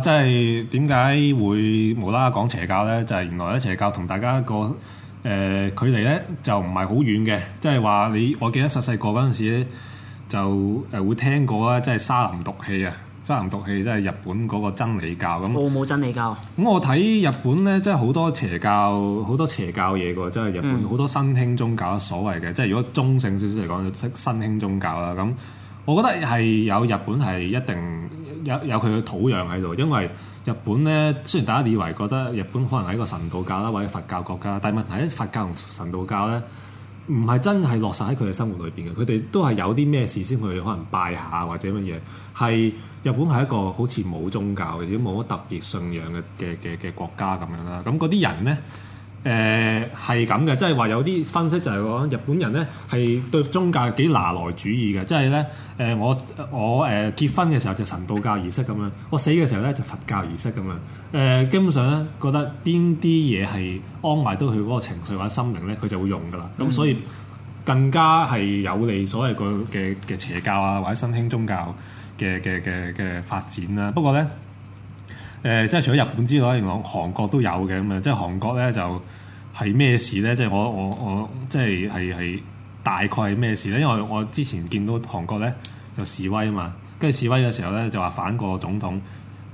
即係點解會無啦啦講邪教咧？就係、是、原來咧邪教同大家個誒、呃、距離咧就唔係好遠嘅。即係話你，我記得細細個嗰陣時咧，就誒會聽過啦。即、就、係、是、沙林毒氣啊，沙林毒氣即係日本嗰個真理教咁。我冇真理教。咁我睇日本咧，即係好多邪教，好多邪教嘢喎。即、就、係、是、日本好多新興宗教所謂嘅，嗯、即係如果中性少少嚟講，就新興宗教啦。咁我覺得係有日本係一定有有佢嘅土壤喺度，因為日本咧，雖然大家以為覺得日本可能係一個神道教啦或者佛教國家，但係問題咧，佛教同神道教咧，唔係真係落實喺佢哋生活裏邊嘅，佢哋都係有啲咩事先去可能拜下或者乜嘢，係日本係一個好似冇宗教或者冇乜特別信仰嘅嘅嘅嘅國家咁樣啦，咁嗰啲人咧。誒係咁嘅，即係話有啲分析就係講日本人咧係對宗教幾拿來主義嘅，即係咧誒我我誒、呃、結婚嘅時候就神道教儀式咁樣，我死嘅時候咧就佛教儀式咁樣。誒、呃、基本上咧覺得邊啲嘢係安慰到佢嗰個情緒或者心靈咧，佢就會用噶啦。咁、嗯嗯、所以更加係有利所謂嘅嘅邪教啊或者新興宗教嘅嘅嘅嘅發展啦。不過咧。誒、呃、即係除咗日本之外，我韓國都有嘅咁啊！即係韓國咧就係、是、咩事咧？即係我我我即係係係大概係咩事咧？因為我，我之前見到韓國咧就示威啊嘛，跟住示威嘅時候咧就話反個總統，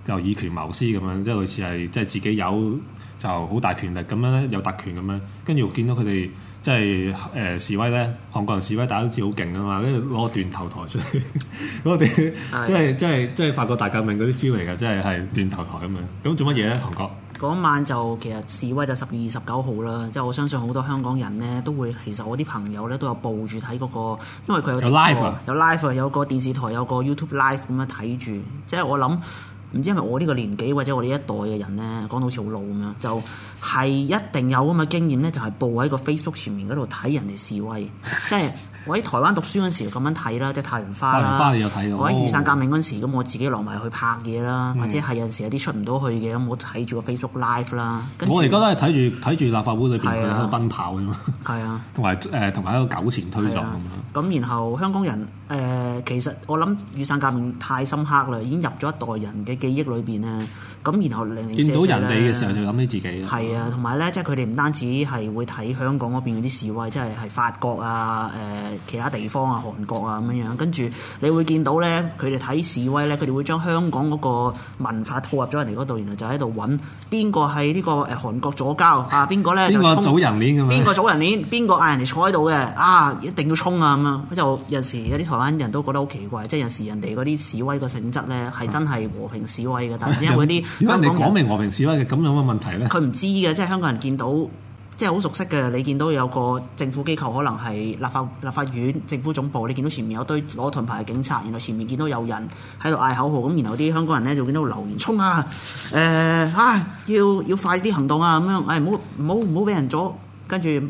就以權謀私咁樣，即係類似係即係自己有就好大權力咁樣，有特權咁樣，跟住我見到佢哋。即係誒、呃、示威咧，韓國人示威打啲字好勁，大家都知好勁噶嘛，跟住攞個斷頭台出嚟，咁我哋即係即係即係法國大革命嗰啲 feel 嚟噶，即係係斷頭台咁樣。咁做乜嘢咧？韓國嗰晚就其實示威就十月二十九號啦，即係我相信好多香港人咧都會，其實我啲朋友咧都有報住睇嗰個，因為佢有 live，有 live、啊、有，、啊、有個電視台有個 YouTube live 咁樣睇住，即係我諗唔知係咪我呢個年紀或者我呢一代嘅人咧講到好似好老咁樣就。就係一定有咁嘅經驗咧，就係、是、報喺個 Facebook 前面嗰度睇人哋示威，即係我喺台灣讀書嗰時咁樣睇啦，即係太陽花啦。太陽花我喺雨傘革命嗰陣時，咁、哦、我自己落埋去拍嘢啦，嗯、或者係有陣時有啲出唔到去嘅，咁我睇住個 Facebook Live 啦。我而家都係睇住睇住立法會裏邊佢奔跑啫嘛。係啊，同埋誒同埋喺個狗、啊、前推撞咁、啊、然後香港人誒、呃、其實我諗雨傘革命太深刻啦，已經入咗一代人嘅記憶裏邊咧。咁然後令你見到人哋嘅時候，就諗起自己。係啊，同埋咧，即係佢哋唔單止係會睇香港嗰邊嗰啲示威，即係係法國啊、誒、呃、其他地方啊、韓國啊咁樣樣。跟住你會見到咧，佢哋睇示威咧，佢哋會將香港嗰個文化套入咗人哋嗰度，然後就喺度揾邊個係呢個誒韓國左膠啊？邊個咧？邊個組人鏈㗎嘛？邊個組人鏈？邊個嗌人哋坐喺度嘅啊？一定要衝啊！咁樣就有時有啲台灣人都覺得好奇怪，即係有時人哋嗰啲示威嘅性質咧係真係和平示威嘅，但係因為啲。如果你講明和平示威嘅咁樣嘅問題咧，佢唔知嘅，即係香港人見到，即係好熟悉嘅。你見到有個政府機構，可能係立法立法院、政府總部，你見到前面有堆攞盾牌嘅警察，然後前面見到有人喺度嗌口號，咁然後啲香港人呢，就見到留言衝啊，誒、呃、啊，要要快啲行動啊，咁樣，誒、哎，唔好唔好唔好俾人阻。跟住、欸，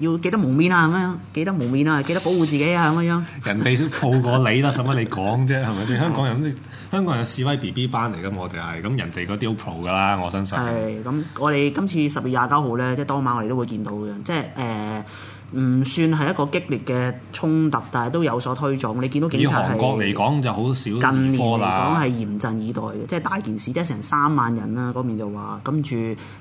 要記得蒙面啊。咁樣記得蒙面啊。記得保護自己啊。咁樣。人哋都抱過你啦，使乜 你講啫？係咪？ 香港人，香港人示威 B B 班嚟㗎嘛？我哋係咁，人哋嗰啲好 pro 㗎啦，我相信。係咁，我哋今次十月廿九號咧，即係當晚我哋都會見到嘅，即係誒。呃唔算係一個激烈嘅衝突，但係都有所推撞。你見到警察係以韓國嚟講，近年嚟講係嚴陣以待嘅，即係的大件事，即係成三萬人啦。嗰邊就話，跟住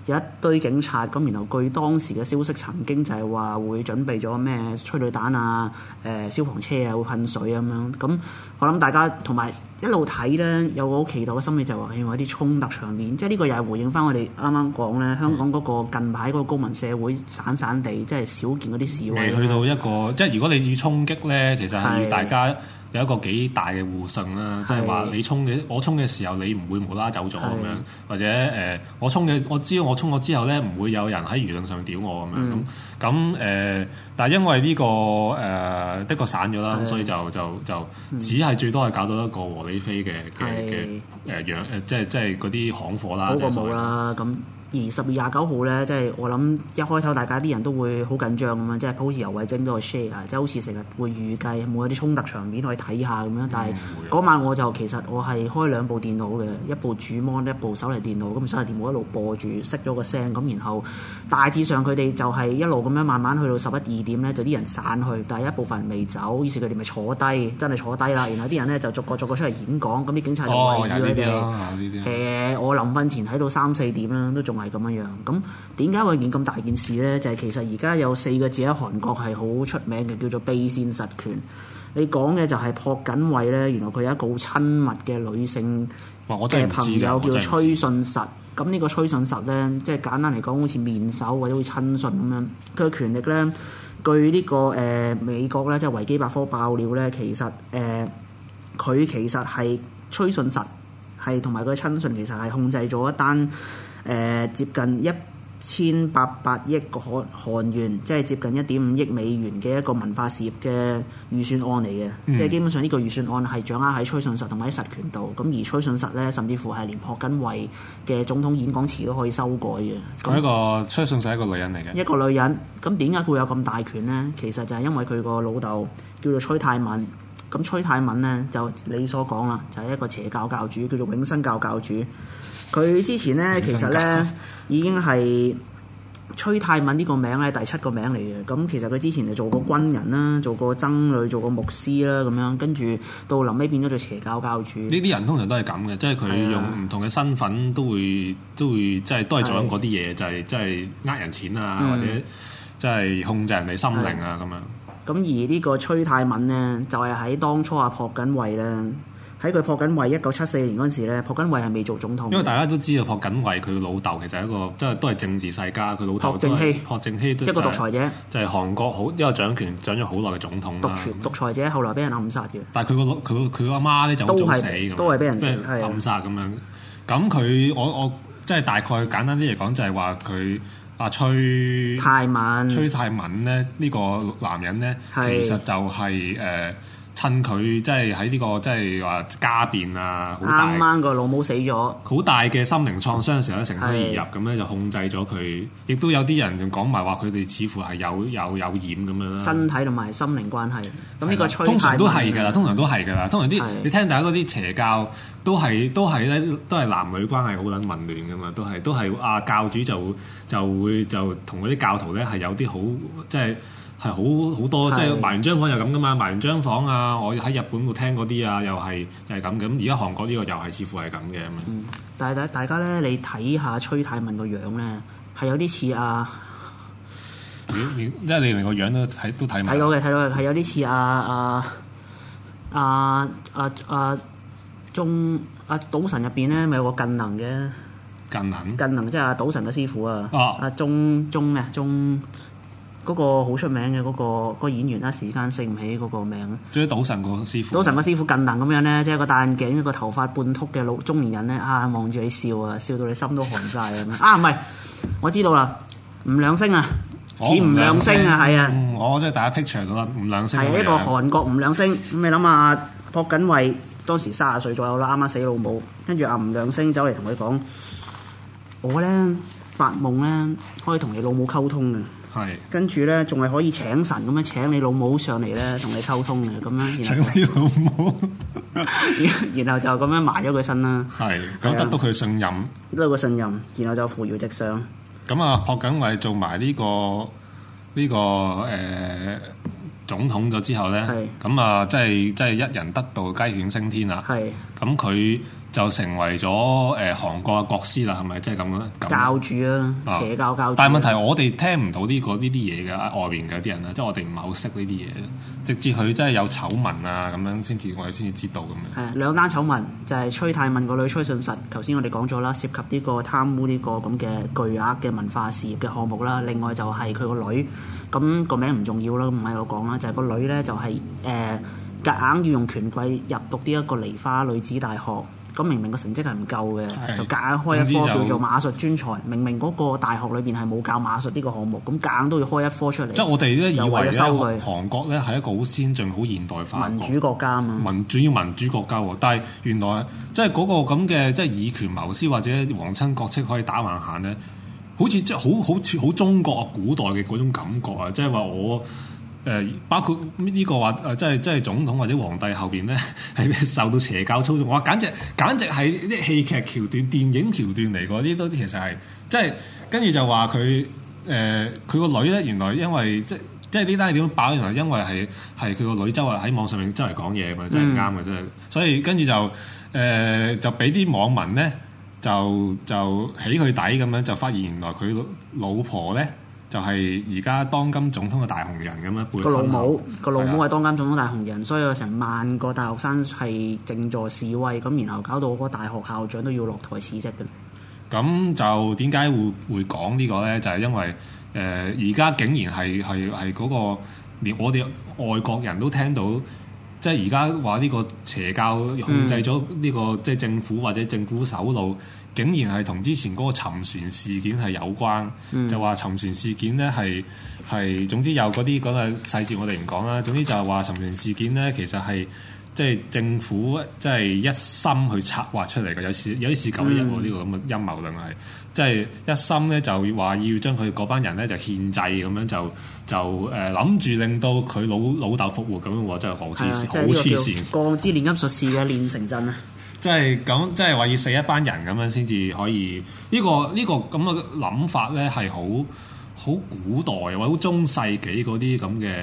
有一堆警察，咁然後據當時嘅消息，曾經就係話會準備咗咩催淚彈啊、誒、呃、消防車啊，會噴水咁、啊、樣。咁我諗大家同埋。一路睇咧，有個好期待嘅心理就係話，喺我啲衝突場面，即係呢個又係回應翻我哋啱啱講咧，香港嗰個近排嗰個公民社會散散地，即係少見嗰啲事。未去到一個，即係如果你要衝擊咧，其實係要大家。有一個幾大嘅互信啦，即係話你衝嘅，我衝嘅時候你唔會冇啦走咗咁樣，是的 或者誒、呃、我衝嘅，我知道我衝咗之後咧，唔會有人喺輿論上屌我咁、嗯、樣咁咁誒，但係因為呢、這個誒、呃、的確散咗啦，咁是的 所以就就就，就、嗯、只係最多係搞到一個和理非嘅嘅嘅誒樣誒，即係即係嗰啲行貨啦，好過冇啦咁。而十月廿九號呢，即係我諗一開頭，大家啲人都會好緊張咁樣，即係好似游蕙禎嗰個 share 即係好似成日會預計，冇一啲衝突場面可以睇下咁樣。但係嗰晚我就其實我係開兩部電腦嘅，一部主 mon，一部手提電腦。咁手提電腦一路播住，熄咗個聲咁，然後大致上佢哋就係一路咁樣慢慢去到十一二點呢，就啲人散去，但係一部分人未走，於是佢哋咪坐低，真係坐低啦。然後啲人呢，就逐個逐個出嚟演講，咁啲警察就圍住佢哋。我臨瞓前睇到三四點啦，都仲係咁樣樣，咁點解會件咁大件事咧？就係、是、其實而家有四個字喺韓國係好出名嘅，叫做卑線實權。你講嘅就係朴槿惠咧，原來佢有一個好親密嘅女性朋友叫崔信實。咁呢個崔信實咧，即、就、係、是、簡單嚟講，好似面首或者會親信咁樣。佢嘅權力咧，據呢、這個誒、呃、美國咧，即係維基百科爆料咧，其實誒佢、呃、其實係崔信實係同埋佢親信，其實係控制咗一單。誒接近一千八百億韓元，即係接近一點五億美元嘅一個文化事業嘅預算案嚟嘅，嗯、即係基本上呢個預算案係掌握喺崔信實同埋喺實權度。咁、嗯、而崔信實呢，甚至乎係連朴槿惠嘅總統演講詞都可以修改嘅。佢、嗯、那一個崔信實係一個女人嚟嘅，一個女人。咁點解佢有咁大權呢？其實就係因為佢個老豆叫做崔泰敏。咁崔泰敏呢，就你所講啦，就係、是、一個邪教，教教主，叫做永生教，教教主。佢之前咧，其實咧已經係崔泰敏呢個名咧，第七個名嚟嘅。咁其實佢之前就做過軍人啦，做過僧侶，做過牧師啦，咁樣跟住到臨尾變咗做邪教教主。呢啲人通常都係咁嘅，即係佢用唔同嘅身份都會都會即係都係做緊嗰啲嘢，就係即係呃人錢啊，或者即係控制人哋心靈啊咁樣。咁而呢個崔泰敏咧，就係喺當初啊，朴槿惠咧。喺佢朴槿惠一九七四年嗰陣時咧，朴槿惠係未做總統。因為大家都知道朴槿惠佢老豆其實係一個，即係都係政治世家。佢老豆，朴正熙，朴正熙都一個獨裁者，就係韓國好一個掌權掌咗好耐嘅總統。獨權獨裁者，後來俾人暗殺嘅。但係佢個佢佢阿媽咧就都死，都係俾人暗殺咁樣。咁佢的我我即係、就是、大概簡單啲嚟講，就係話佢阿崔泰敏。崔泰敏咧呢個男人咧，的的其實就係、是、誒。呃趁佢即係喺呢個即係話家變啊，大好啱啱個老母死咗，好大嘅心靈創傷嘅時候咧，嗯、乘虛而入咁咧是就控制咗佢。亦都有啲人仲講埋話，佢哋似乎係有有有染咁樣啦。身體同埋心靈關係，咁呢的個催通。通常都係㗎啦，通常都係㗎啦，通常啲你聽大家嗰啲邪教都係都係咧，都係男女關係好撚混亂㗎嘛，都係都係啊教主就會就會就同嗰啲教徒咧係有啲好即係。就是係好好多是，即係賣完張房就咁噶嘛，賣完張房啊！我喺日本會聽嗰啲啊，又係又係咁咁。而家韓國呢個又係似乎係咁嘅咁啊！但係大大家咧，你睇下崔泰文個樣咧，係有啲似啊！即、啊、咦，因為你連個樣都睇都睇。睇到嘅，睇到係有啲似啊啊啊啊啊鍾啊賭神入邊咧，咪有個近能嘅近能近能，即係賭神嘅師傅啊！阿，鍾中，咩鍾？嗰個好出名嘅嗰、嗰個演員啦，時間醒唔起嗰個名。即係《賭神》個師傅。《賭神》個師傅近難咁樣咧，即係一個戴眼鏡、一個頭髮半禿嘅老中年人咧，啊望住你笑啊，笑到你心都寒晒。曬 啊！啊唔係，我知道啦，吳亮星啊，似我吳，吳亮星啊，係啊，嗯、我真係打 picture 咁啦，吳亮星係一個韓國吳亮星咁。你諗下、啊，朴槿惠當時卅歲左右啦，啱啱死老母，跟住阿吳亮星走嚟同佢講：我咧發夢咧，可以同你老母溝通嘅。係，是跟住咧，仲係可以請神咁樣，請你老母上嚟咧，同你溝通嘅咁樣。請你老母， 然後就咁樣埋咗佢身啦。係是，咁是得到佢信任，得到個信任，然後就扶搖直上。咁啊，朴槿惠做埋呢、這個呢、這個誒、呃、總統咗之後咧，咁是啊，即係即係一人得道雞犬升天啊！係是，咁佢。就成為咗誒、呃、韓國嘅國師啦，係咪即係咁樣？教主啊，邪教教主、啊啊。但係問題我、這個，我哋聽唔到呢個呢啲嘢嘅外面嘅啲人啊，即、就、係、是、我哋唔係好識呢啲嘢，直至佢真係有醜聞啊，咁樣先至我哋先至知道咁樣。係兩單醜聞，就係、是、崔太民個女崔信實。頭先我哋講咗啦，涉及呢個貪污呢個咁嘅巨額嘅文化事業嘅項目啦。另外就係佢個女，咁、那個名唔重要啦，唔係我講啦，就係、是、個女咧、就是，就係誒夾硬要用權貴入讀呢一個梨花女子大學。咁明明個成績係唔夠嘅，的就夾硬開一科叫做馬術專才。明明嗰個大學裏邊係冇教馬術呢個項目，咁夾硬都要開一科出嚟。即係我哋都以為咧韓國咧係一個好先進、好現代化民主國家嘛。民主要民主國家喎，但係原來即係嗰個咁嘅，即係以權謀私或者皇親國戚可以打橫行咧，好似即係好好好中國古代嘅嗰種感覺啊！即係話我。誒包括呢、這個話誒，即係即係總統或者皇帝後邊咧，係受到邪教操縱。我話簡直簡直係啲戲劇橋段、電影橋段嚟，嗰啲都其實係即係跟住就話佢誒佢個女咧，原來因為即即係呢單係點樣爆，原來因為係係佢個女周日喺網上面周圍講嘢，咪、嗯、真係唔啱嘅，真係。所以跟住就誒、呃、就俾啲網民咧就就起佢底咁樣，就發現原來佢老婆咧。就係而家當今總統嘅大紅人咁樣背後，後，個老母個老母係當今總統大紅人，的所以有成萬個大學生係靜坐示威，咁然後搞到嗰個大學校長都要落台辭職嘅。咁就點解會會講呢個咧？就係、是，因為誒而家竟然係係係嗰個連我哋外國人都聽到，即係而家話呢個邪教控制咗呢、這個即係、就是，政府或者政府首腦。嗯竟然係同之前嗰個沉船事件係有關，嗯、就話沉船事件咧係係總之有嗰啲嗰個細節我哋唔講啦。總之就係話沉船事件咧，其實係即係政府即係一心去策劃出嚟嘅。有時有啲事舊喎，呢個咁嘅陰謀論係，即係一心咧就話要將佢嗰班人咧就獻祭咁樣，就就誒諗住令到佢老老豆復活咁喎，就好黐好黐線。鋼了之煉金術士嘅煉成陣啊！即係咁，即係話要死一班人咁樣先至可以，呢個呢個咁嘅諗法咧係好好古代或者好中世紀嗰啲咁嘅誒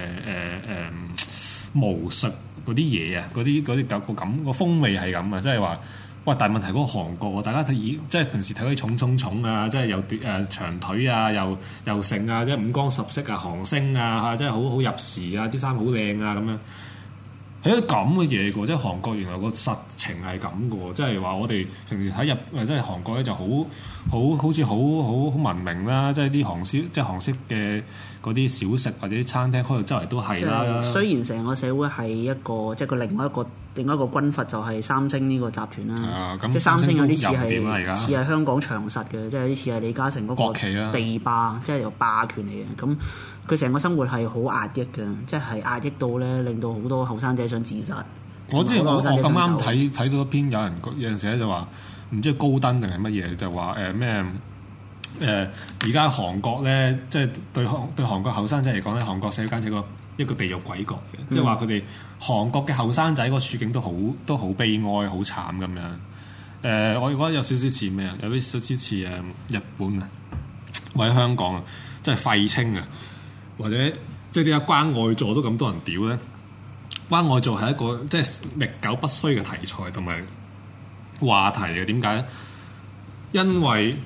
誒巫術嗰啲嘢啊，嗰啲嗰啲咁個咁個風味係咁啊！即係話喂，但係問題嗰個韓國，大家睇以即係平時睇嗰啲重、重、重啊，即係又短誒長腿啊，又又盛啊，即係五光十色啊，韓星啊，即係好好入時啊，啲衫好靚啊咁樣。係一啲咁嘅嘢㗎，即係韓國原來個實情係咁㗎，即係話我哋平時喺日，即係韓國咧就好，好，好似好好好文明啦，即係啲韓燒，即係韓式嘅嗰啲小食或者餐廳開到周圍都係啦。雖然成個社會係一個，即係佢另外一個，另外一個軍閥就係三星呢個集團啦。啊嗯、即係三星有啲似係似係香港長實嘅，即係有似係李嘉誠嗰個地霸，國旗啊、即係有霸權嚟嘅咁。佢成個生活係好壓抑嘅，即係壓抑到咧，令到好多後生仔想自殺。我之前我我咁啱睇睇到一篇，有人有陣時就話唔知高登定係乜嘢，就話誒咩誒而家韓國咧，即係對韓對韓國後生仔嚟講咧，韓國社會簡直個一個地獄鬼國嘅，即係話佢哋韓國嘅後生仔個處境都好都好悲哀、好慘咁樣。誒、呃，我覺得有少少似咩啊？有啲少少似誒日本啊，或者香港啊，真係廢青啊！或者即係啲關愛座都咁多人屌咧，關愛座係一個即係歷久不衰嘅題材同埋話題嘅。點解咧？因為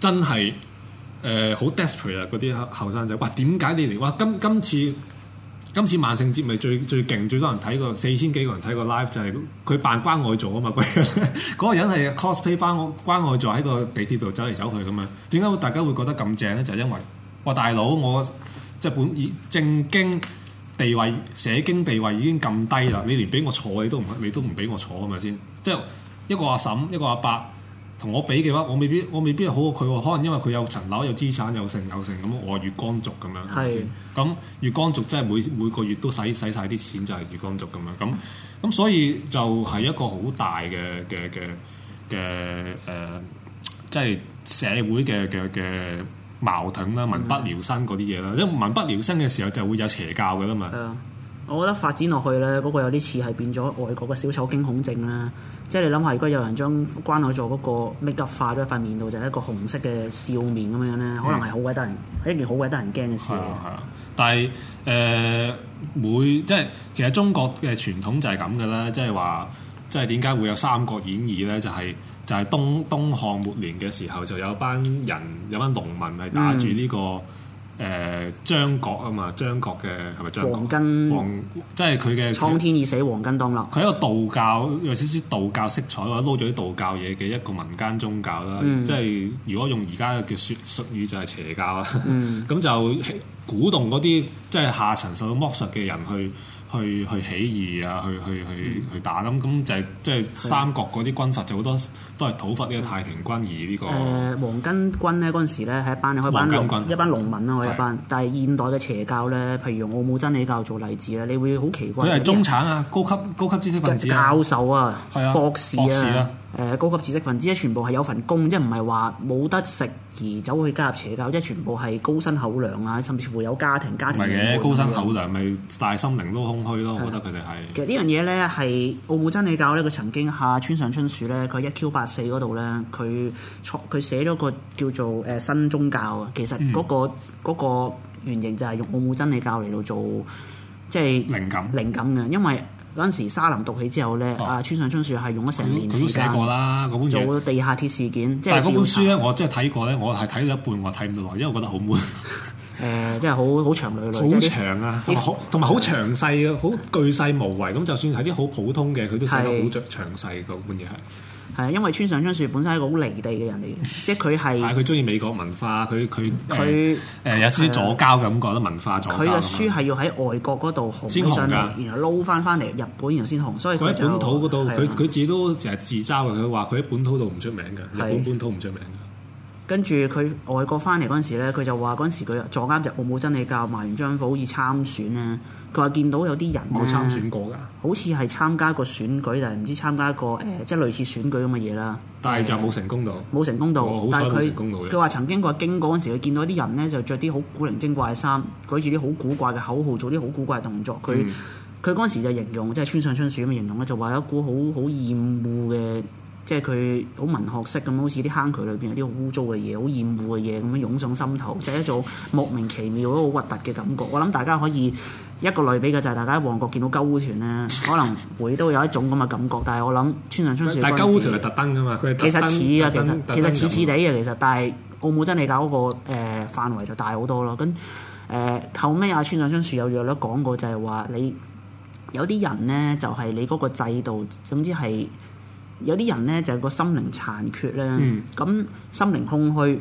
真係誒好 desperate 啊！嗰啲後生仔，哇！點解你哋哇！今今次今次萬聖節咪最最勁，最多人睇過四千幾個人睇個 live 就係佢扮關愛座啊嘛！嗰人嗰個 人係 cosplay 關愛關愛座喺個地鐵度走嚟走去咁樣。點解會大家會覺得咁正咧？就係因為哇，大佬我～即係本已正經地位、社經地位已經咁低啦，是的 你連俾我坐你都唔，你都唔俾我坐咁啊先！即係一個阿嬸、一個阿伯同我比嘅話，我未必我未必係好過佢喎。可能因為佢有層樓、有資產、有剩有剩咁，我係月光族咁樣，係咪先？咁月是的 光族真係每每個月都使使曬啲錢就係月光族咁樣咁咁，所以就係一個好大嘅嘅嘅嘅誒，即係社會嘅嘅嘅。矛盾啦，民不聊生嗰啲嘢啦，因為民不聊生嘅時候就會有邪教嘅啦嘛、啊。我覺得發展落去咧，嗰、那個有啲似係變咗外國嘅小丑驚恐症啦。即係你諗下，如果有人將關公做嗰個 make up 化咗喺塊面度，就係一個紅色嘅笑面咁樣咧，可能係好鬼得人，啊、一件好鬼得人驚嘅事。係啊,啊，但係誒、呃，每即係其實中國嘅傳統就係咁嘅啦，即係話即係點解會有《三國演義》咧，就係、是。但係東東漢末年嘅時候，就有班人有班農民係打住呢，這個誒，張角啊嘛，張角嘅，係咪張角？是，是張角黃巾金，即係佢嘅蒼天已死，黃巾當立。佢係一個道教，有少少道教色彩，或者攞咗啲道教嘢嘅一個民間宗教啦。嗯、即係如果用而家嘅叫説術語，就係邪教啦。咁、嗯、 就鼓動嗰啲即係下層受到剝削嘅人去。去去起義啊，去去去、嗯、去打咁，咁就係即係三國嗰啲軍閥就好多都係討伐呢個太平軍，而呢個誒黃巾軍咧，嗰陣時咧，係一班一班一班農民啊，咯的，一班，的但係現代嘅邪教咧，譬如奧姆真理教做例子咧，你會好奇怪，佢係中產啊，的高級高級知識分子、啊，教授啊，係啊的，博士啊。誒高級知識分子咧，全部係有份工，即係唔係話冇得食而走去加入邪教，即係全部係高薪厚糧啊，甚至乎有家庭家庭。唔係嘅，高薪厚糧咪大心靈都空虛咯，我覺得佢哋係。其實呢樣嘢咧，係奧姆真理教咧，佢曾經嚇村上春樹咧，佢一 Q 八四嗰度咧，佢創佢寫咗個叫做誒新宗教啊，其實嗰個嗰個原型就係用奧姆真理教嚟到做，即係靈感靈感嘅，因為。嗰陣時沙林毒氣之後咧，啊村上春樹係用咗成年時間做地下鐵事件，即係調查。但係嗰本書咧，我真係睇過咧，我係睇到一半，我睇唔到落，因為我覺得好悶。 誒，即係好好長嘅，好長啊！同埋好詳細啊，好巨細無遺。咁就算係啲好普通嘅，佢都寫得好著詳細嘅本嘢係。係啊，因為村上春樹本身係個好離地嘅人嚟嘅，即係佢係。係佢中意美國文化，佢佢佢誒有啲左膠感覺啦，文化左膠。佢嘅書係要喺外國嗰度紅先紅㗎，然後撈翻翻嚟日本然後先紅。所以佢喺本土嗰度，佢佢自己都成日自嘲嘅。佢話佢喺本土度唔出名嘅，日本本土唔出名。跟住佢外國翻嚟嗰陣時咧，佢就話嗰陣時佢坐監就奧姆真理教埋完張課好似參選咧、啊。佢話見到有啲人冇、啊、參選過㗎，好似係參加個選舉定係唔知參加個誒、呃、即係類似選舉咁嘅嘢啦。但係就冇成功到，冇成功到。好但係佢佢話曾經個經過嗰陣時，佢見到啲人咧，就着啲好古靈精怪嘅衫，舉住啲好古怪嘅口號，做啲好古怪嘅動作。佢佢嗰陣時就形容即係村上春樹咁樣形容啦，就話有一股好好厭惡嘅。即係佢好文學式咁，好似啲坑渠裏邊有啲好污糟嘅嘢，好厭惡嘅嘢咁樣湧上心頭，就係一種莫名其妙好核突嘅感覺。我諗大家可以一個類比嘅就係大家喺旺角見到鳩烏團咧，可能會都有一種咁嘅感覺。但係我諗村上春樹嗰陣時，但鳩烏團係特登㗎嘛，其實似啊，其實其實似似地嘅其實，但係奧姆真理教搞個誒範圍就大好多咯。咁誒後屘阿村上春樹有約有都講過，就係話你有啲人咧，就係你嗰個制度，總之係。有啲人呢，就個心靈殘缺咧，咁、嗯、心靈空虛，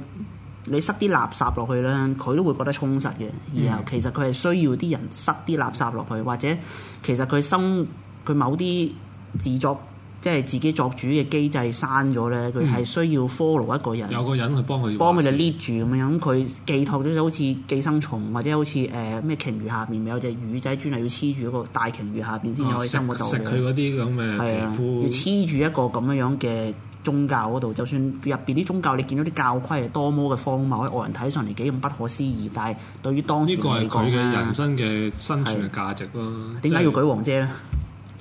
你塞啲垃圾落去呢，佢都會覺得充實嘅。然後其實佢係需要啲人塞啲垃圾落去，或者其實佢心佢某啲自作。即係自己作主嘅機制刪咗咧，佢係、嗯、需要 follow 一個人，有個人去幫佢幫佢哋 lead 住咁樣，佢寄託咗好似寄生蟲或者好似誒咩鯨魚下面咪有隻魚仔專係要黐住個大鯨魚下邊先可以生活到、啊、食佢嗰啲咁嘅皮膚，要黐住一個咁樣樣嘅宗教嗰度，就算入邊啲宗教你見到啲教規係多麼嘅荒謬，外人睇上嚟幾咁不可思議，但係對於當時呢個係佢嘅人生嘅生存嘅價值咯。點解的、就是、要舉王姐咧？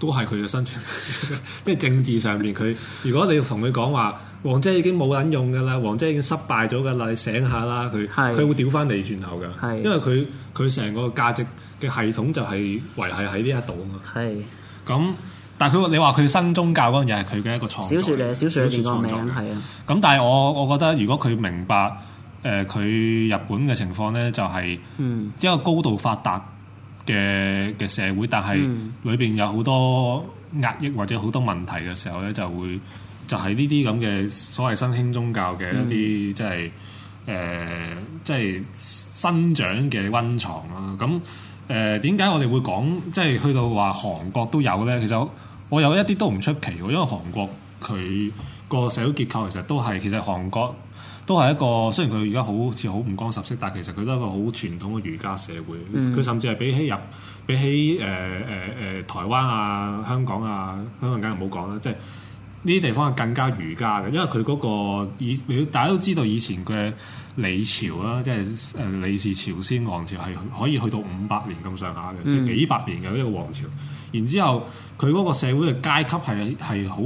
都係佢嘅生存，即 係政治上面佢。如果你同佢講話，王姐已經冇撚用㗎啦，王姐已經失敗咗㗎啦，你醒下啦佢，佢是會屌返你轉頭嘅。是因為佢佢成個價值嘅系統就係維係喺呢一度啊嘛。係是。咁，但係佢你話佢新宗教嗰樣嘢係佢嘅一個創，小說嘅小說嘅變革嚟嘅，係啊。咁但係我我覺得如果佢明白誒佢、呃、日本嘅情況咧，就係、是、因為高度發達。嗯嘅嘅社會，但係裏邊有好多壓抑或者好多問題嘅時候咧，就會就係呢啲咁嘅所謂新興宗教嘅一啲、就是，即係誒，即係、呃就是、生長嘅溫床啦。咁誒，點、呃、解我哋會講即係去到話韓國都有咧？其實我，我有一啲都唔出奇喎，因為韓國佢個社會結構其實都係其實韓國。都係一個，雖然佢而家好似好五光十色，但係其實佢都係一個好傳統嘅儒家社會。佢、嗯、甚至係比起入比起誒誒誒台灣啊、香港啊，香港梗唔好講啦，即係呢啲地方係更加儒家嘅，因為佢嗰、嗰個以大家都知道以前嘅李朝啦，嗯、即係誒李氏朝鮮王朝係可以去到五百年咁上下嘅，即係、嗯、幾百年嘅呢個王朝。然之後佢嗰個社會嘅階級係係好。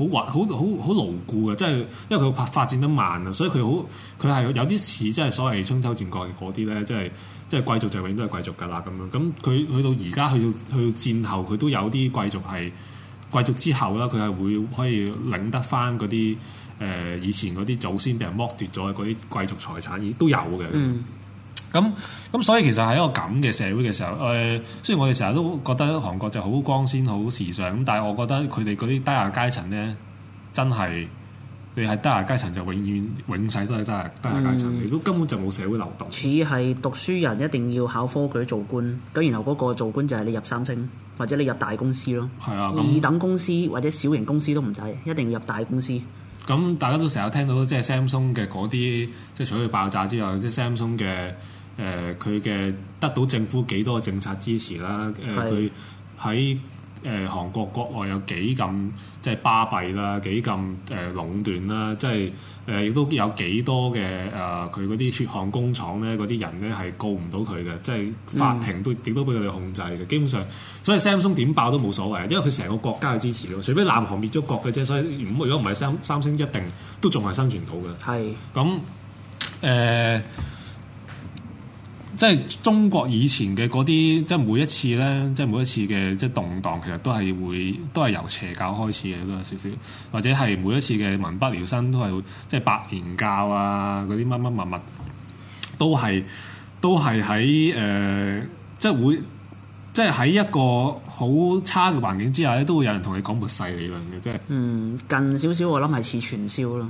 好好好好牢固嘅，即係因為佢發展得慢啊，所以佢好佢係有啲似即係所謂春秋戰國嗰啲咧，即係即係貴族就永遠都係貴族㗎啦咁樣。咁佢去到而家去到去戰後，佢都有啲貴族係貴族之後啦，佢係會可以領得翻嗰啲誒以前嗰啲祖先俾人剝奪咗嗰啲貴族財產，都有嘅。嗯咁咁所以其實喺一個咁嘅社會嘅時候，誒、呃、雖然我哋成日都覺得韓國就好光鮮、好時尚，咁但係我覺得佢哋嗰啲低下階層咧，真係你係低下階層就永遠永世都係低下低下階層，嗯、你都根本就冇社會流動。似係讀書人一定要考科舉做官，咁然後嗰個做官就係你入三星或者你入大公司咯，係啊，二等公司或者小型公司都唔使，一定要入大公司。咁大家都成日聽到即係 Samsung 嘅嗰啲，即係除咗佢爆炸之外，即係 Samsung 嘅誒，佢、呃、嘅得到政府幾多政策支持啦，誒佢喺。是誒、呃，韓國國內有幾咁即係巴閉啦，幾咁誒壟斷啦，即係誒亦都有幾多嘅誒，佢嗰啲血汗工廠咧，嗰啲人咧係告唔到佢嘅，即係法庭都點都俾佢哋控制嘅。嗯、基本上，所以 Samsung 點爆都冇所謂，因為佢成個國家嘅支持咯。除非南韓滅咗國嘅啫，所以如果唔係三三星一定都仲係生存到嘅。係咁誒。呃即係中國以前嘅嗰啲，即係每一次咧，即係每一次嘅即係動盪，其實都係會，都係由邪教開始嘅，都有少少。或者係每一次嘅民不聊生，都係會，即係白蓮教啊，嗰啲乜乜物物，都係都係喺誒，即係會，即係喺一個好差嘅環境之下咧，都會有人同你講末世理論嘅，即係。嗯，近少少我諗係似傳銷咯。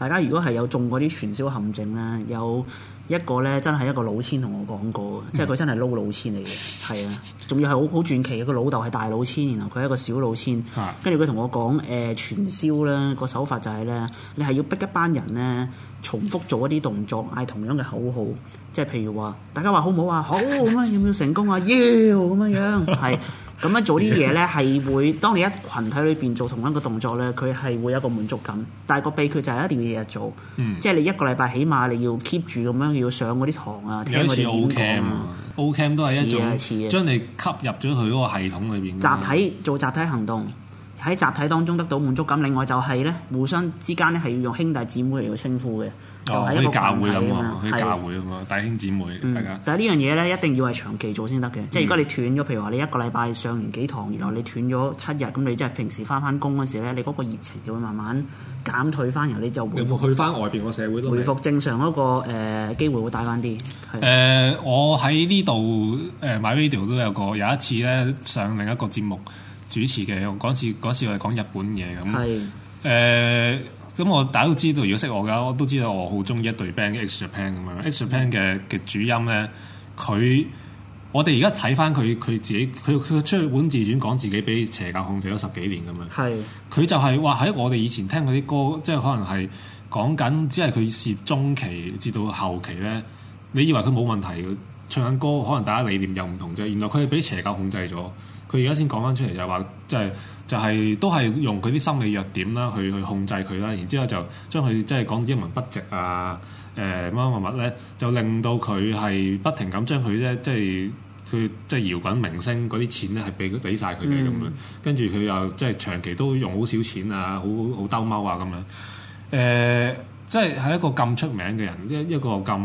大家如果係有中過啲傳銷陷阱咧，有一個咧真係一個老千同我講過、嗯、即係佢真係撈老，老千嚟嘅，係啊，仲要係好好傳奇嘅，個老豆係大老千，然後佢係一個小老千，跟住佢同我講誒、呃、傳銷咧個手法就係、是、咧，你係要逼一班人咧重複做一啲動作，嗌同樣嘅口號，即係譬如話大家話好唔好啊？好咁樣，要唔要成功啊？要咁樣樣，係。咁樣 做啲嘢咧，係會當你一群體裏邊做同一個動作咧，佢係會有一個滿足感。但係個秘訣就係一定要日日做，嗯、即係你一個禮拜起碼你要 keep 住咁樣要上嗰啲堂啊，聽嗰啲演講啊。O cam 都係一種嘅。將你吸入咗佢嗰個系統裏邊。集體做集體行動，喺集體當中得到滿足感。另外就係咧，互相之間咧係要用兄弟姊妹嚟到稱呼嘅。哦、就係教會咁啊，去教會啊嘛大兄姊妹、嗯、大家。但係呢樣嘢咧，一定要係長期做先得嘅。嗯、即係如果你斷咗，譬如話你一個禮拜上完幾堂，然後你斷咗七日，咁你即係平時翻返工嗰時咧，你嗰個熱情就會慢慢減退翻，然後你就復回復去翻外邊個社會。回復正常嗰、那個誒、呃、機會會大翻啲。誒、呃，我喺呢度誒，MyRadio 都有個有一次咧，上另一個節目主持嘅，講次，次，次我次係講日本嘢咁。係。誒。咁我大家都知道，如果識我嘅，我都知道我好中意一隊 band，X Japan 咁樣。X Japan 嘅嘅主音咧，佢我哋而家睇翻佢，佢自己佢佢出去本自傳講自己俾邪教控制咗十幾年咁樣。係，佢就係話喺我哋以前聽佢啲歌，即係可能係講緊，只係佢涉中期至到後期咧，你以為佢冇問題嘅，唱緊歌，可能大家理念又唔同啫。原來佢係俾邪教控制咗，佢而家先講翻出嚟就係話，即係。就係都係用佢啲心理弱點啦，去去控制佢啦，然之後就將佢即係講英文不值啊，誒乜乜物物咧，就令到佢係不停咁將佢咧即係佢即係搖滾明星嗰啲錢咧係俾俾曬佢哋咁樣，跟住佢又即係長期都用好少錢啊，好好，好兜踎啊咁樣，誒即係喺一個咁出名嘅人，一一個咁。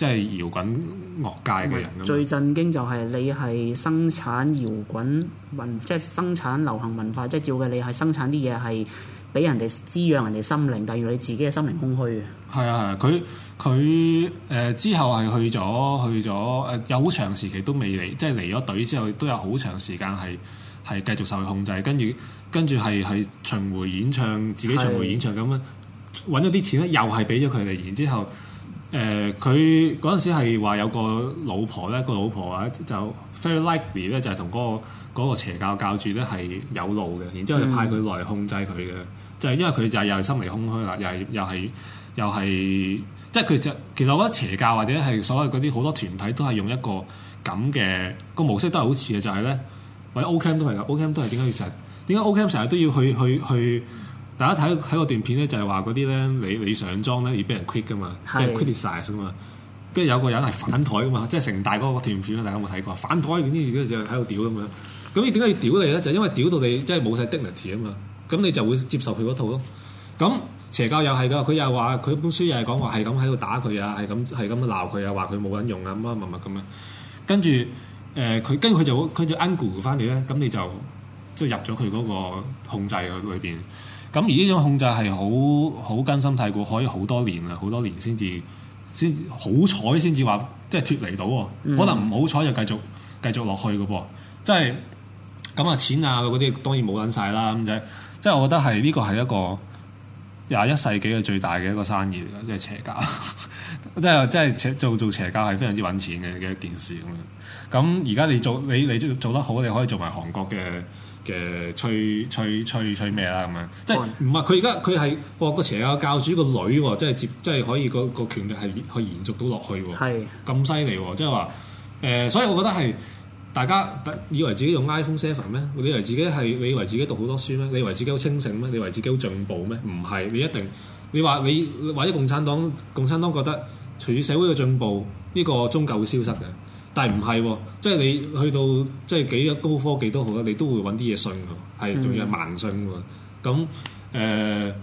即係搖滾樂界嘅人，最震驚就係你係生產搖滾文，即係生產流行文化，即係照嘅你係生產啲嘢係俾人哋滋養人哋心靈，但係你自己嘅心靈空虛啊！係啊係啊，佢佢誒之後係去咗去咗誒，有好長時期都未離，即係離咗隊之後都有好長時間係係繼續受佢控制，跟住跟住係係巡迴演唱，自己巡迴演唱咁啊，揾咗啲錢咧，又係俾咗佢哋，然之後。誒佢嗰陣時係話有個老婆咧，個老婆啊就 very likely 咧就係同嗰個嗰個邪教教主咧係有路嘅，然之後就派佢來控制佢嘅、嗯，就係因為佢就係又係心靈空虛啦，又係又係又係，即係佢就其實我覺得邪教或者係所謂嗰啲好多團體都係用一個咁嘅個模式都係好似嘅，就係、是、咧或者 O.K.M 都係噶，O.K.M 都係點解要成日，點解 O.K.M 成日都要去去去？去去大家睇睇個段片咧，就係話嗰啲咧，你你上莊咧，要俾人 crit 噶嘛，即係 criticize 噶嘛。跟住有個人係反台噶嘛，即係成大嗰個段片，大家有冇睇過？反台，佢呢就喺度屌咁樣。咁你點解要屌佢咧？就係、因為屌到你即係冇晒 dignity 啊嘛。咁你就會接受佢嗰套咯。咁邪教又係噶，佢又話佢本書又係講話係咁喺度打佢啊，係咁係咁鬧佢啊，話佢冇人用啊，乜乜乜咁樣。跟住誒，佢、呃、跟住佢就會佢就 angle 翻嚟咧，咁你就即係入咗佢嗰個控制裏邊。咁而呢種控制係好好根深蒂固，可以好多年啦，好多年先至先好彩先至話即係脫離到，嗯、可能唔好彩就繼續繼續落去嘅噃，即係咁啊，錢啊嗰啲當然冇撚晒啦咁啫，即係我覺得係呢、呢個係一個廿一世紀嘅最大嘅一個生意嚟，即係邪教，即係即係做做邪教係非常之揾錢嘅嘅一件事咁樣。咁而家你做你你做得好，你可以做埋韓國嘅嘅吹吹吹吹咩啦咁樣，啊、 即係唔係佢而家佢係個個邪教主、個女喎，即係接即係可以個、個權力係可延續到落去喎，係咁犀利喎，即係話誒，所以我覺得係大家以為自己用 iPhone Seven 咩？你以為自己係你以為自己讀好多書咩？你以為自己好清醒咩？你以為自己好進步咩？唔係，你一定你話你或者共產黨共產黨覺得隨住社會嘅進步，呢、呢個宗教會消失嘅。但係唔係喎？即係你去到即係幾個高科技都好啦，你都會揾啲嘢信㗎喎，係仲要係盲信㗎喎。咁誒、呃，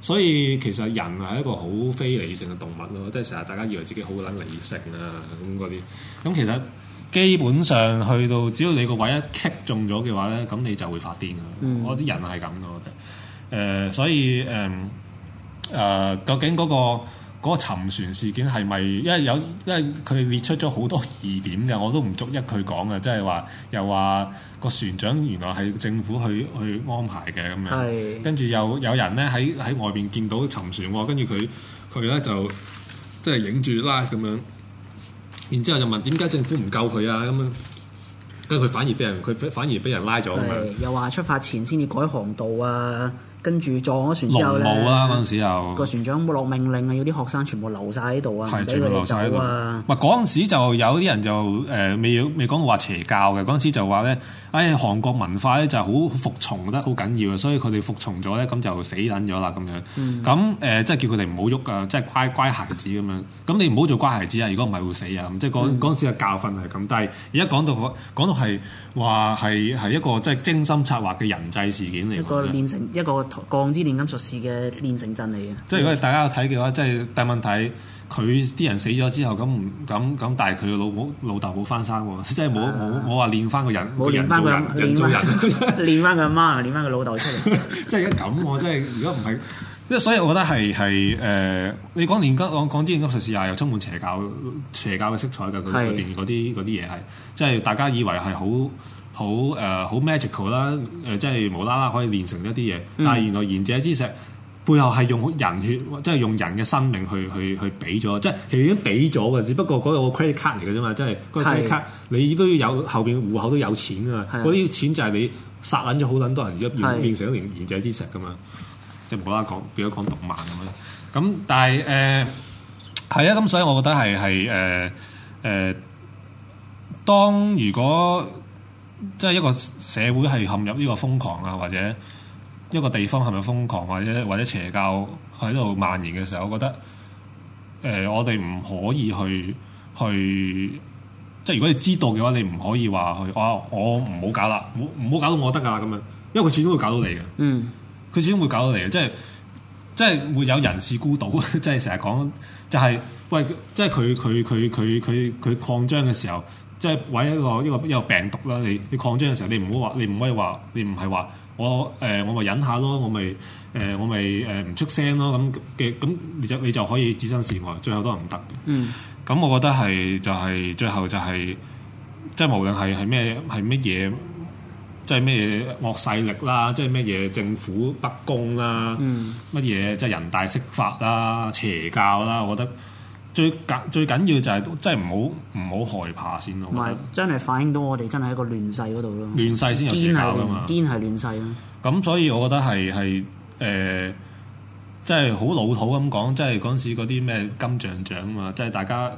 所以其實人係一個好非理性嘅動物咯，即係成日大家以為自己好撚理性啊咁嗰啲。咁、嗯、其實基本上去到只要你個位一 kick 中咗嘅話咧，咁你就會發癲㗎。嗯、我啲人係咁嘅，誒、呃，所以誒，誒、呃，究竟嗰、那個？嗰個沉船事件係咪？因為有，因為佢列出咗好多疑點嘅，我都唔逐一佢講嘅，即係話又話個船長原來係政府去去安排嘅咁樣，跟住有有人咧喺喺外邊見到沉船喎，跟住佢佢咧就即係影住啦咁樣，然之後就問點解政府唔救佢啊？咁樣，跟住佢反而俾人佢反而俾人拉咗是樣又話出發前先至改航道啊！跟住撞咗船之後咧，個、啊、船長落命令啊，要啲學生全部留晒喺度啊，唔俾佢哋走啊。唔係嗰陣時就有啲人就誒未未講到話邪教嘅嗰陣時就話咧，誒、哎、韓國文化咧就係好服從得好緊要，啊，所以佢哋服從咗咧咁就死撚咗啦咁樣。咁誒即係叫佢哋唔好喐啊，即、就、係、是、乖乖孩子咁樣。咁你唔好做乖孩子啊，如果唔係會死啊。咁即係嗰嗰陣時嘅教訓係咁。但係而家講到講到係。話係係一個即係精心策劃嘅人製事件嚟嘅，一個煉成一個鋼之煉金術士嘅煉成陣嚟嘅。即係如果大家有睇嘅話，即係大問題佢啲人死咗之後，咁唔咁咁，但係佢老母老豆冇翻生喎，即係冇冇冇話練翻個人，冇練翻人，人， 練翻個阿翻個媽，練翻個老豆出嚟。即係而家咁我真係如果唔係。即係所以，我覺得係係誒，你講煉金，講講啲煉金術士啊，又充滿邪教、邪教嘅色彩嘅佢嗰邊嗰啲啲嘢係，即係大家以為係好好誒好 magical 啦，誒、呃、即係無啦啦可以煉成一啲嘢，但係原來賢者之石背後係用人血，即係用人嘅生命去去去俾咗，即係其實已經俾咗嘅，只不過嗰個 credit card 嚟嘅啫嘛，即係、嗰個、credit card 你都要有後邊戶口都有錢㗎嘛，嗰啲錢就係你殺撚咗好撚多人而變成一連賢者之石噶嘛。即係冇啦講，變咗講動漫咁樣。咁但係誒係啊，咁、呃、所以我覺得係係誒誒，當如果即係一個社會係陷入呢個瘋狂啊，或者一個地方陷入瘋狂，或者或者邪教喺度蔓延嘅時候，我覺得誒、呃、我哋唔可以去去，即係如果你知道嘅話，你唔可以話去啊、哦！我唔好搞啦，唔唔好搞到我得㗎喇咁樣，因為佢始終會搞到你嘅。嗯。佢始終會搞到嚟，即係即係會有人事孤島，即係成日講，就係、是、喂，即係佢佢佢佢佢佢擴張嘅時候，即係搵一個一個一個病毒啦。你你擴張嘅時候，你唔好話，你唔可以話，你唔係話我誒，我咪忍下咯，我咪誒，我咪誒唔出聲咯，咁嘅咁你就你就可以置身事外，最後都係唔得。嗯，咁我覺得係就係、是、最後就係、是，即、就、係、是、無論係係咩係乜嘢。即係咩惡勢力啦，即係咩嘢政府不公啦，乜嘢即係人大釋法啦、邪教啦，我覺得最緊最緊要就係即係唔好唔好害怕先咯。唔係真係反映到我哋真係一個亂世嗰度咯，亂世先有邪教噶嘛，堅係亂世咯。咁所以我覺得係係誒，即係好老土咁講，即係嗰陣時嗰啲咩金像獎啊嘛，即係大家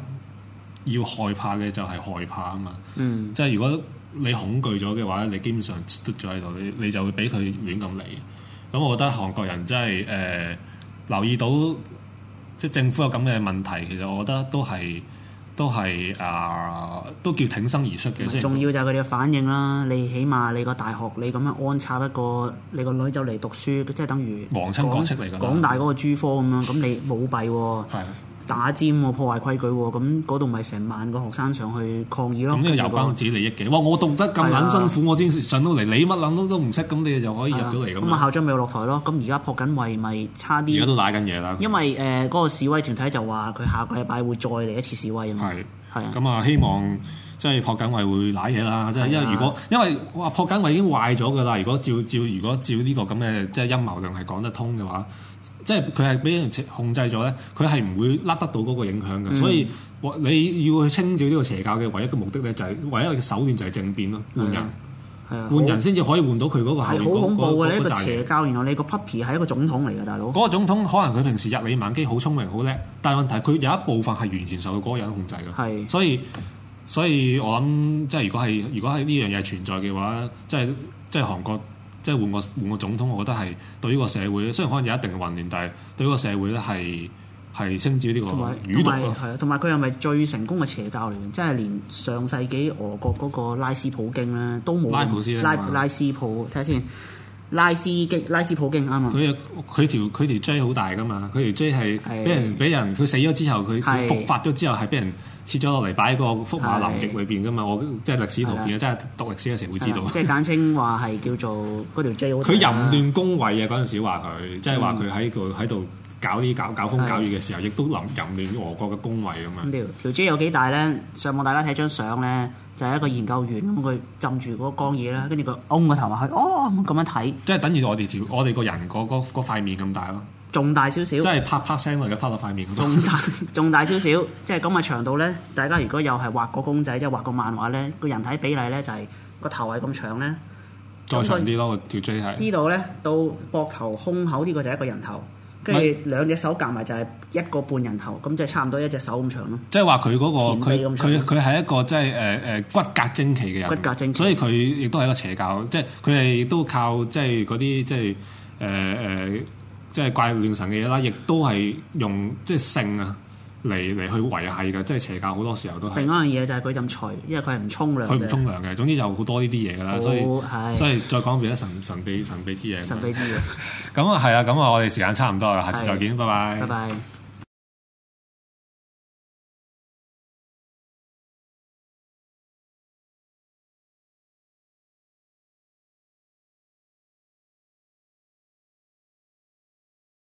要害怕嘅就係害怕啊嘛。嗯，即係如果。你恐懼咗嘅話，你基本上都咗喺度，你你就會俾佢亂咁嚟。咁我覺得韓國人真係誒、呃、留意到即係政府有咁嘅問題，其實我覺得都係都係啊、呃，都叫挺身而出嘅。重要就係佢哋嘅反應啦。你起碼你個大學你咁樣安插一個你個女就嚟讀書，即係等於皇親國戚嚟嘅廣大嗰個珠科咁樣，咁你冇弊喎。打尖喎，破壞規矩喎，咁嗰度咪成萬個學生上去抗議咯。咁呢個有關自己利益嘅，哇！我讀得咁撚辛苦，的我先上到嚟，你乜撚都都唔識，咁你就可以入到嚟咁。咁啊的樣校長咪要落台咯。咁而家朴槿惠咪差啲。而家都賴緊嘢啦。因為誒嗰、呃那個示威團體就話佢下個禮拜會再嚟一次示威啊嘛。係係的。咁啊的希望即係朴槿惠會賴嘢啦。即係的因為如果因為哇朴槿惠已經壞咗噶啦，如果照照如果照呢個咁嘅即係陰謀論係講得通嘅話。即係佢係俾人控制咗咧，佢係唔會甩得到嗰個影響嘅，嗯、所以你要去清剿呢個邪教嘅唯一嘅目的咧、就係，就係唯一嘅手段就係政變咯，換人，換人先至可以換到佢嗰個係好恐怖啊！你個邪教，原來你個 puppy 係一個總統嚟嘅，大佬嗰個總統可能佢平時日理萬機，好聰明，好叻，但係問題佢有一部分係完全受到嗰個人控制嘅，係的，所以所以我諗即係如果係如果係呢樣嘢存在嘅話，即係即係韓國。即係換個換個總統，我覺得係對呢個社會，雖然可能有一定嘅混亂，但係對呢個社會咧係係稱之呢個乳毒咯，啊，同埋佢又咪最成功嘅邪教聯？即係連上世紀俄國嗰個拉斯普京咧都冇拉斯拉，拉斯普睇下先。看看。拉斯基拉斯普京啱啊！佢佢條佢條 J 好大噶嘛？佢、嗯、條 J 係俾人俾的人佢死咗之後佢復發咗之後係俾的人切咗落嚟擺喺個福馬林席裏邊噶嘛？的我即係歷史圖片啊！即係的讀歷史嘅時候會知道。即係簡稱話係叫做嗰條 J。佢淫亂宮位啊！嗰陣時話佢即係話佢喺個喺度搞呢搞搞風搞雨嘅時候，亦的都淫亂俄國嘅宮位咁樣！條條 J 有幾大咧？上網大家睇張相咧。就係一個研究員咁佢、嗯、浸住嗰缸嘢啦，跟住佢嗡個頭入去，哦，咁樣睇，即係等於我哋條我哋個人、個嗰塊面咁大咯，仲大少少，即係啪啪聲嚟嘅，啪落塊面咁，仲大仲大少少， 即係咁嘅長度咧。大家如果又係畫個公仔，即係畫個漫畫咧，個人體比例咧就係、個頭係咁長咧，再長啲咯，條椎係呢度咧到膊頭胸口呢、個就係一個人頭。跟住兩隻手夾埋就係一個半人頭，咁就差唔多一隻手咁長咯。即係話佢嗰個佢佢佢係一個即係誒誒骨骼精奇嘅人，骨骼精奇。所以佢亦都係一個邪教，即係佢亦都靠即係嗰啲即係誒誒即係怪力亂神嘅嘢啦，亦都係用即係性啊。嚟嚟去維繫嘅，即係邪教好多時候都係另一樣嘢就係佢陣除，因為佢係唔沖涼。佢唔沖涼嘅，總之就好多呢啲嘢啦，所以的所以再講啲神神秘神秘之嘢。神秘之嘢，咁啊係啊，咁啊 我哋時間差唔多啦，下次再見，的拜拜。拜拜。